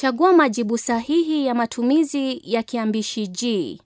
Chagua majibu sahihi ya matumizi ya kiambishi ji.